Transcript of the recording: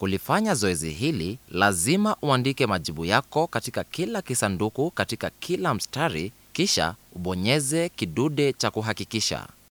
Kulifanya zoezi hili, lazima uandike majibu yako katika kila kisanduku katika kila mstari, kisha ubonyeze kidude cha kuhakikisha.